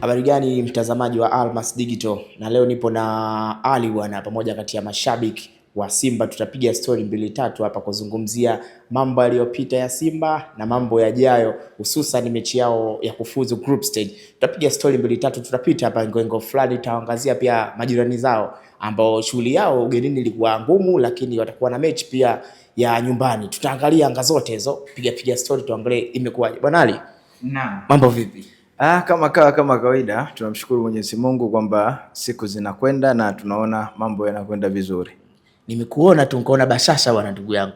Habari gani mtazamaji wa Almas Digital, na leo nipo na Ali bwana, pamoja kati ya mashabiki wa Simba. Tutapiga stori mbili tatu hapa kuzungumzia mambo yaliyopita ya Simba na mambo yajayo, hususan mechi yao ya kufuzu group stage. Tutapiga stori mbili tatu, tutapita hapa ngongo fulani, tutaangazia pia majirani zao ambao shughuli yao ugenini ilikuwa ngumu, lakini watakuwa na mechi pia ya nyumbani. Tutaangalia anga zote hizo, piga piga stori, tuangalie imekuwaje. Bwana Ali, naam, mambo vipi? Ah, kama kawa kama kawaida tunamshukuru Mwenyezi Mungu kwamba siku zinakwenda na tunaona mambo yanakwenda vizuri. Nimekuona tu nikaona basasa bwana ndugu yangu.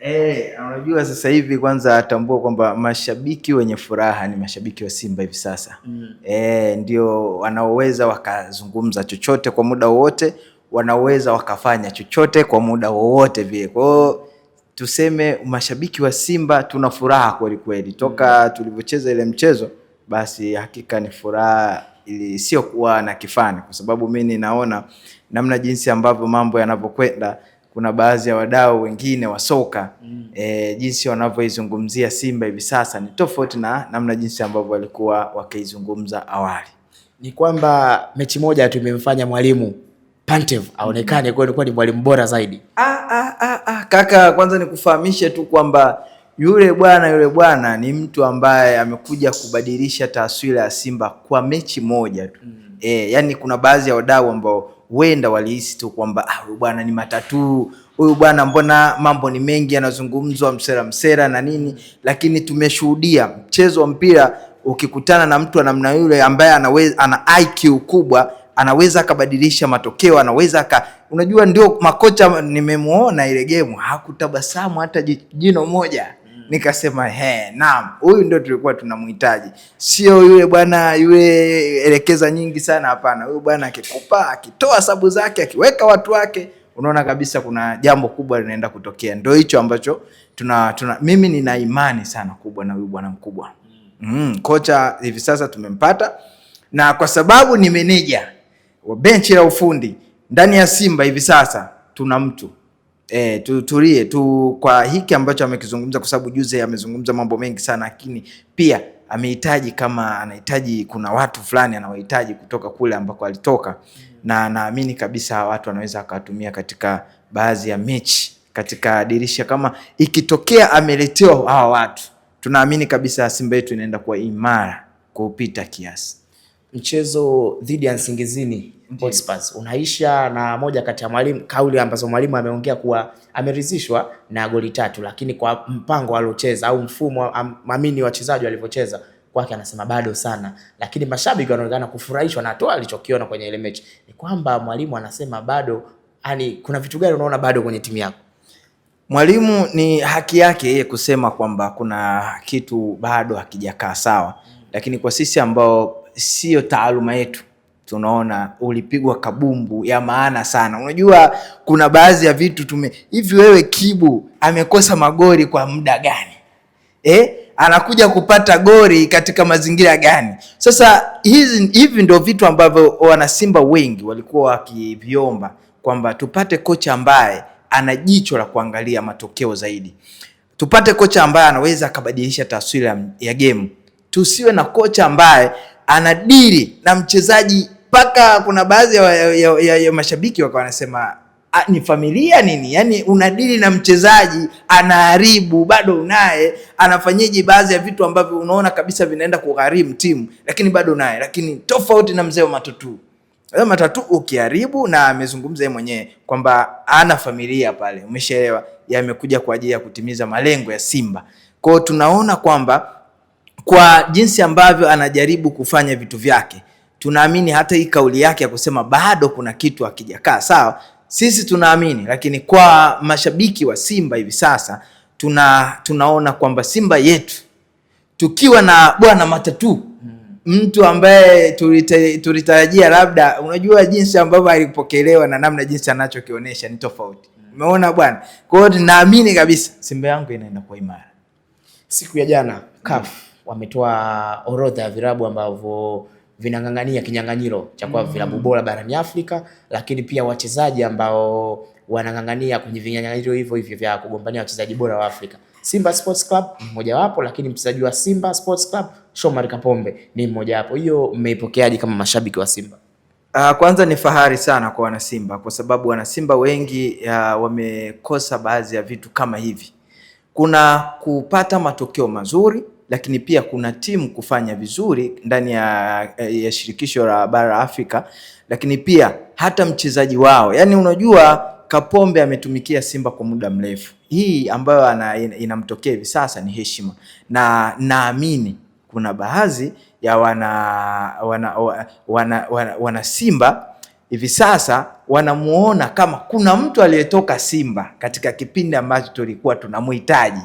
Eh, unajua sasa hivi kwanza atambua kwamba mashabiki wenye furaha ni mashabiki wa Simba hivi sasa. Mm. Eh, ndio wanaoweza wakazungumza chochote kwa muda wowote, wanaoweza wakafanya chochote kwa muda wowote vile. Kwa hiyo tuseme mashabiki wa Simba tuna furaha kweli kweli toka mm. tulivyocheza ile mchezo basi hakika ni furaha isiyokuwa na kifani, kwa sababu mi ninaona namna jinsi ambavyo mambo yanavyokwenda kuna baadhi ya wadau wengine wa soka mm. E, jinsi wanavyoizungumzia Simba hivi sasa ni tofauti na namna jinsi ambavyo walikuwa wakiizungumza awali. Ni kwamba mechi moja tumemfanya mwalimu Pantev aonekane mm. kwa ni mwalimu bora zaidi. Ah, ah, ah, ah. Kaka, kwanza nikufahamishe tu kwamba yule bwana yule bwana ni mtu ambaye amekuja kubadilisha taswira ya Simba kwa mechi moja tu. Mm. E, yani kuna baadhi ya wadau ambao huenda walihisi tu kwamba ah, huyu bwana ni matatu, huyu bwana mbona mambo ni mengi yanazungumzwa, msera msera na nini, mm. lakini tumeshuhudia mchezo wa mpira ukikutana na mtu wa namna yule ambaye anaweza, ana IQ kubwa anaweza akabadilisha matokeo, anaweza ka, unajua ndio makocha nimemuona ile game hakutabasamu hata jino moja nikasema he, naam, huyu ndio tulikuwa tunamhitaji, sio yule bwana yule elekeza nyingi sana. Hapana, huyu bwana akikupa, akitoa sabu zake, akiweka watu wake, unaona kabisa kuna jambo kubwa linaenda kutokea. Ndio hicho ambacho tuna, tuna mimi nina imani sana kubwa na huyu bwana mkubwa mm, kocha hivi sasa tumempata, na kwa sababu ni meneja wa benchi la ufundi ndani ya Simba hivi sasa tuna mtu E, eh, tutulie tu kwa hiki ambacho amekizungumza, kwa sababu juzi amezungumza mambo mengi sana, lakini pia amehitaji kama anahitaji, kuna watu fulani anawahitaji kutoka kule ambako alitoka, na naamini kabisa watu anaweza akawatumia katika baadhi ya mechi katika dirisha. Kama ikitokea ameletewa hawa watu, tunaamini kabisa Simba yetu inaenda kuwa imara kupita kiasi. Mchezo dhidi ya Nsingizini Hotspurs. Unaisha na moja kati ya mwalimu kauli ambazo mwalimu ameongea kuwa ameridhishwa na goli tatu, lakini kwa mpango aliocheza au mfumo amini wachezaji walivyocheza kwake anasema bado sana, lakini mashabiki wanaonekana kufurahishwa na toa alichokiona kwenye ile mechi. Ni kwamba mwalimu anasema bado, yani kuna vitu gani unaona bado kwenye timu yako? Mwalimu ni haki yake yeye kusema kwamba kuna kitu bado hakijakaa sawa, mm. lakini kwa sisi ambao siyo taaluma yetu tunaona ulipigwa kabumbu ya maana sana. Unajua kuna baadhi ya vitu tume hivi, wewe Kibu amekosa magori kwa muda gani eh? Anakuja kupata gori katika mazingira gani? Sasa hizi hivi ndio vitu ambavyo wanasimba wengi walikuwa wakiviomba kwamba tupate kocha ambaye ana jicho la kuangalia matokeo zaidi, tupate kocha ambaye anaweza akabadilisha taswira ya gemu, tusiwe na kocha ambaye anadiri na mchezaji mpaka kuna baadhi ya, ya, ya, ya mashabiki wakawa wanasema ah, ni familia nini? yani unadili na mchezaji anaharibu, bado unaye, anafanyiji baadhi ya vitu ambavyo unaona kabisa vinaenda kugharimu timu, lakini bado unaye. Lakini tofauti na mzee wa Matatu, mzee wa Matatu ukiharibu, na amezungumza yeye mwenyewe kwamba ana familia pale, umeshaelewa, yamekuja kwa ajili ya kutimiza malengo ya Simba. Kwao tunaona kwamba kwa jinsi ambavyo anajaribu kufanya vitu vyake tunaamini hata hii kauli yake ya kusema bado kuna kitu akijakaa sawa, sisi tunaamini, lakini kwa mashabiki wa Simba hivi sasa tuna, tunaona kwamba Simba yetu tukiwa na bwana Matatu hmm. mtu ambaye tulitarajia labda, unajua jinsi ambavyo alipokelewa na namna jinsi anachokionyesha ni tofauti. Hmm. Umeona bwana, kwa hiyo tunaamini kabisa Simba yangu inaenda kwa imara. Siku ya jana CAF hmm. wametoa orodha ya virabu ambavyo vinang'ang'ania kinyang'anyiro cha kuwa mm. vilabu bora barani Afrika, lakini pia wachezaji ambao wanang'ang'ania kwenye vinyang'anyiro hivyo hivyo vya kugombania wachezaji bora wa Afrika. Simba Sports Club ni mmojawapo, lakini mchezaji wa Simba Sports Club Shomari Kapombe ni wapo. Hiyo mmeipokeaje kama mashabiki wa Simba? Uh, kwanza ni fahari sana kwa wanasimba kwa sababu wanasimba wengi uh, wamekosa baadhi ya vitu kama hivi. Kuna kupata matokeo mazuri lakini pia kuna timu kufanya vizuri ndani ya, eh, ya shirikisho la bara la Afrika, lakini pia hata mchezaji wao, yaani unajua Kapombe ametumikia Simba kwa muda mrefu. Hii ambayo inamtokea hivi sasa ni heshima, na naamini kuna baadhi ya wana, wana, wana, wana, wana, wana Simba hivi sasa wanamuona kama kuna mtu aliyetoka Simba katika kipindi ambacho tulikuwa tunamhitaji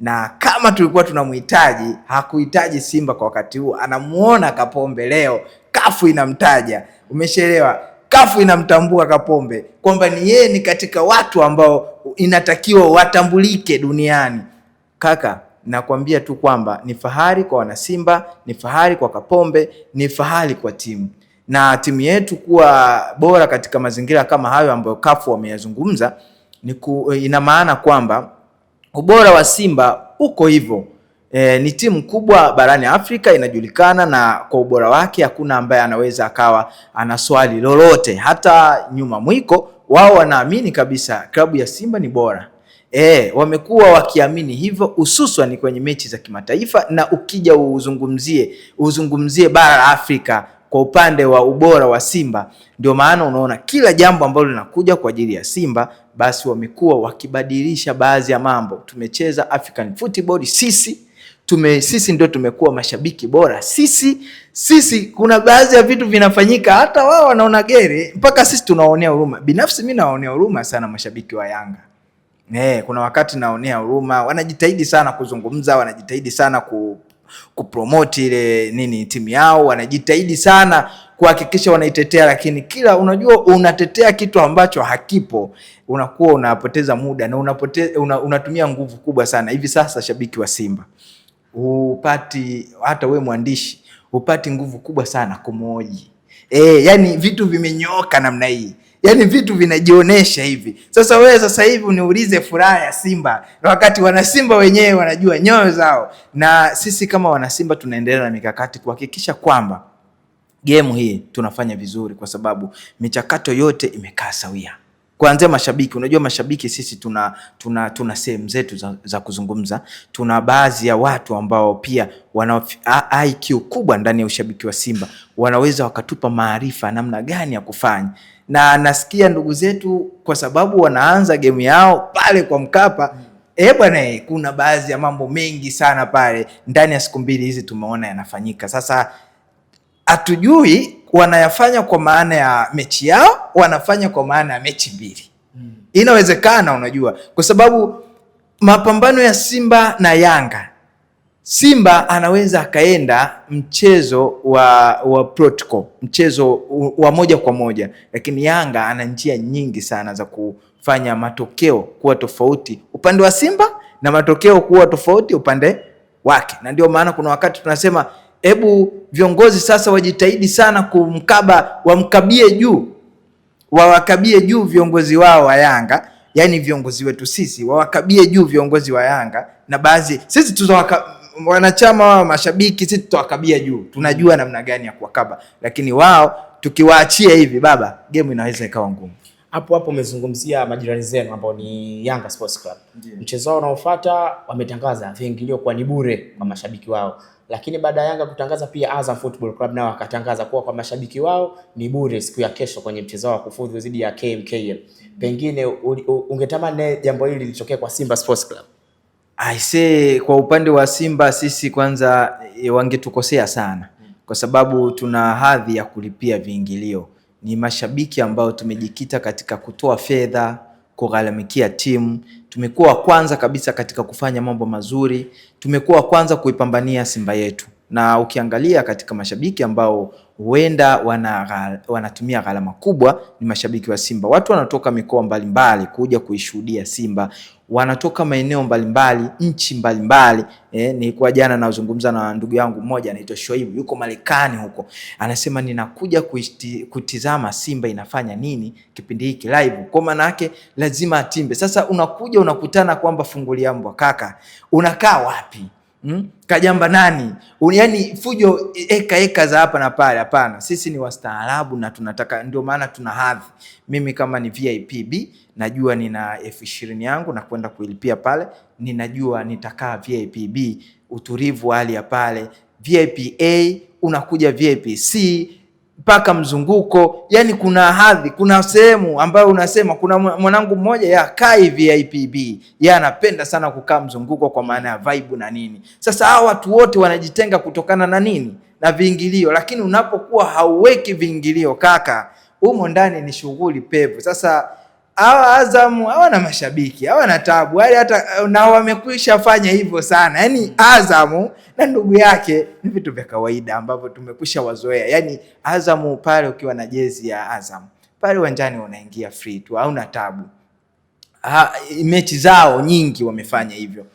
na kama tulikuwa tunamhitaji, hakuhitaji Simba kwa wakati huo, anamuona Kapombe. Leo kafu inamtaja, umeshaelewa? Kafu inamtambua Kapombe kwamba ni yeye, ni katika watu ambao inatakiwa watambulike duniani. Kaka, nakwambia tu kwamba ni fahari kwa wanasimba, ni fahari kwa Kapombe, ni fahari kwa timu na timu yetu kuwa bora katika mazingira kama hayo ambayo kafu wameyazungumza, ina maana kwamba ubora wa Simba uko hivyo. E, ni timu kubwa barani Afrika inajulikana, na kwa ubora wake hakuna ambaye anaweza akawa ana swali lolote. Hata nyuma mwiko wao wanaamini kabisa klabu ya Simba ni bora. E, wamekuwa wakiamini hivyo hususan kwenye mechi za kimataifa, na ukija uzungumzie uzungumzie bara la Afrika kwa upande wa ubora wa Simba. Ndio maana unaona kila jambo ambalo linakuja kwa ajili ya Simba, basi wamekuwa wakibadilisha baadhi ya mambo. Tumecheza African football sisi tume, sisi ndio tumekuwa mashabiki bora sisi sisi. Kuna baadhi ya vitu vinafanyika hata wao wanaona gere, mpaka sisi tunaonea huruma. Binafsi mimi naonea huruma sana mashabiki wa Yanga. Eh, kuna wakati naonea huruma, wanajitahidi sana kuzungumza, wanajitahidi sana ku kupromoti ile nini timu yao, wanajitahidi sana kuhakikisha wanaitetea, lakini kila unajua unatetea kitu ambacho hakipo, unakuwa unapoteza muda na unapote, una, unatumia nguvu kubwa sana. Hivi sasa shabiki wa Simba hupati, hata we mwandishi hupati nguvu kubwa sana kumhoji e, yani vitu vimenyooka namna hii. Yaani vitu vinajionesha hivi. Sasa wewe sasa hivi uniulize furaha ya Simba na wakati wanasimba wenyewe wanajua nyoyo zao, na sisi kama wanasimba tunaendelea na mikakati kuhakikisha kwamba gemu hii tunafanya vizuri, kwa sababu michakato yote imekaa sawia kuanzia mashabiki. Unajua mashabiki sisi tuna tuna, tuna sehemu zetu za, za kuzungumza. Tuna baadhi ya watu ambao pia wana IQ kubwa ndani ya ushabiki wa Simba, wanaweza wakatupa maarifa namna gani ya kufanya na nasikia ndugu zetu kwa sababu wanaanza gemu yao pale kwa Mkapa mm. Eh bwana, eh, kuna baadhi ya mambo mengi sana pale ndani ya siku mbili hizi tumeona yanafanyika. Sasa hatujui wanayafanya kwa maana ya mechi yao, wanafanya kwa maana ya mechi mbili mm. Inawezekana, unajua, kwa sababu mapambano ya Simba na Yanga Simba anaweza akaenda mchezo wa wa protocol, mchezo wa moja kwa moja, lakini Yanga ana njia nyingi sana za kufanya matokeo kuwa tofauti upande wa Simba na matokeo kuwa tofauti upande wake, na ndio maana kuna wakati tunasema hebu viongozi sasa wajitahidi sana kumkaba, wamkabie juu, wawakabie juu viongozi wao wa Yanga yaani viongozi wetu sisi wawakabie juu viongozi wa Yanga na baadhi sisi tuzo wanachama wao mashabiki, sisi tutawakabia juu, tunajua namna gani ya kuwakaba, lakini wao tukiwaachia hivi, baba, game inaweza ikawa ngumu. Hapo hapo umezungumzia majirani zenu ambao ni Yanga Sports Club, mchezo wao unaofuata wametangaza viingilio kwa ni bure kwa mashabiki wao, lakini baada ya Yanga kutangaza pia Azam Football Club nao wakatangaza kuwa kwa mashabiki wao ni bure siku ya kesho kwenye mchezo wao wa kufuzu dhidi ya KMKM. Pengine ungetamani jambo hili litokee kwa Simba Sports Club? Aisee, kwa upande wa Simba sisi kwanza e, wangetukosea sana kwa sababu tuna hadhi ya kulipia viingilio. Ni mashabiki ambao tumejikita katika kutoa fedha kugharamikia timu. Tumekuwa kwanza kabisa katika kufanya mambo mazuri, tumekuwa kwanza kuipambania Simba yetu, na ukiangalia katika mashabiki ambao huenda wana, wanatumia gharama kubwa. Ni mashabiki wa Simba, watu wanatoka mikoa mbalimbali kuja kuishuhudia Simba, wanatoka maeneo mbalimbali, nchi mbalimbali. Eh, nilikuwa jana nazungumza na ndugu yangu mmoja anaitwa Shoaibu, yuko Marekani huko, anasema ninakuja kutizama Simba inafanya nini kipindi hiki live, kwa maana yake lazima atimbe. Sasa unakuja unakutana kwamba fungulia mbwa kaka, unakaa wapi? Mm? Kajamba nani? Yaani fujo eka eka za hapa na pale, hapana. Sisi ni wastaarabu na tunataka, ndio maana tuna hadhi. Mimi kama ni VIPB najua nina elfu ishirini yangu na kwenda kuilipia pale, ninajua nitakaa VIPB, utulivu hali ya pale. VIP A unakuja VIP C mpaka mzunguko, yani kuna hadhi, kuna sehemu ambayo unasema. Kuna mwanangu mmoja ya kai VIPB, yeye anapenda sana kukaa mzunguko, kwa maana ya vibe na nini. Sasa hawa watu wote wanajitenga kutokana na nini? Na viingilio. Lakini unapokuwa hauweki viingilio, kaka, humo ndani ni shughuli pevu. Sasa hawa Azam hawana mashabiki, hawana tabu, yaani hata na wamekwisha fanya hivyo sana. yani Azamu na ndugu yake ni vitu vya kawaida ambavyo tumekwisha wazoea. yani Azamu pale, ukiwa na jezi ya Azam pale uwanjani unaingia free tu, hauna tabu. Ha, mechi zao nyingi wamefanya hivyo,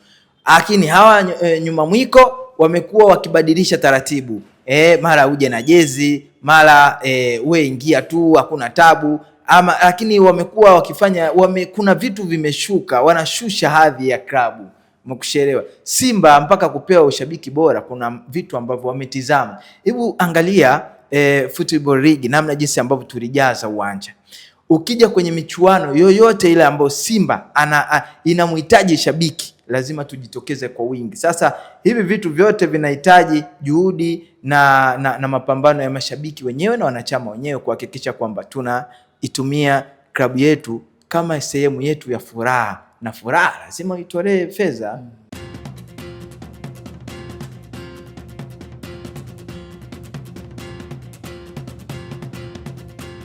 lakini hawa e, nyuma mwiko wamekuwa wakibadilisha taratibu. E, mara uje na jezi mara e, we ingia tu, hakuna tabu ama, lakini wamekuwa wakifanya wame, kuna vitu vimeshuka, wanashusha hadhi ya klabu mkushelewa Simba mpaka kupewa ushabiki bora, kuna vitu ambavyo wametizama. Hebu angalia e, Football League namna jinsi ambavyo tulijaza uwanja. Ukija kwenye michuano yoyote ile ambayo Simba inamhitaji shabiki lazima tujitokeze kwa wingi. Sasa hivi vitu vyote vinahitaji juhudi na, na, na mapambano ya mashabiki wenyewe na wanachama wenyewe kuhakikisha kwamba tuna itumia klabu yetu kama sehemu yetu ya furaha, na furaha lazima itolee fedha.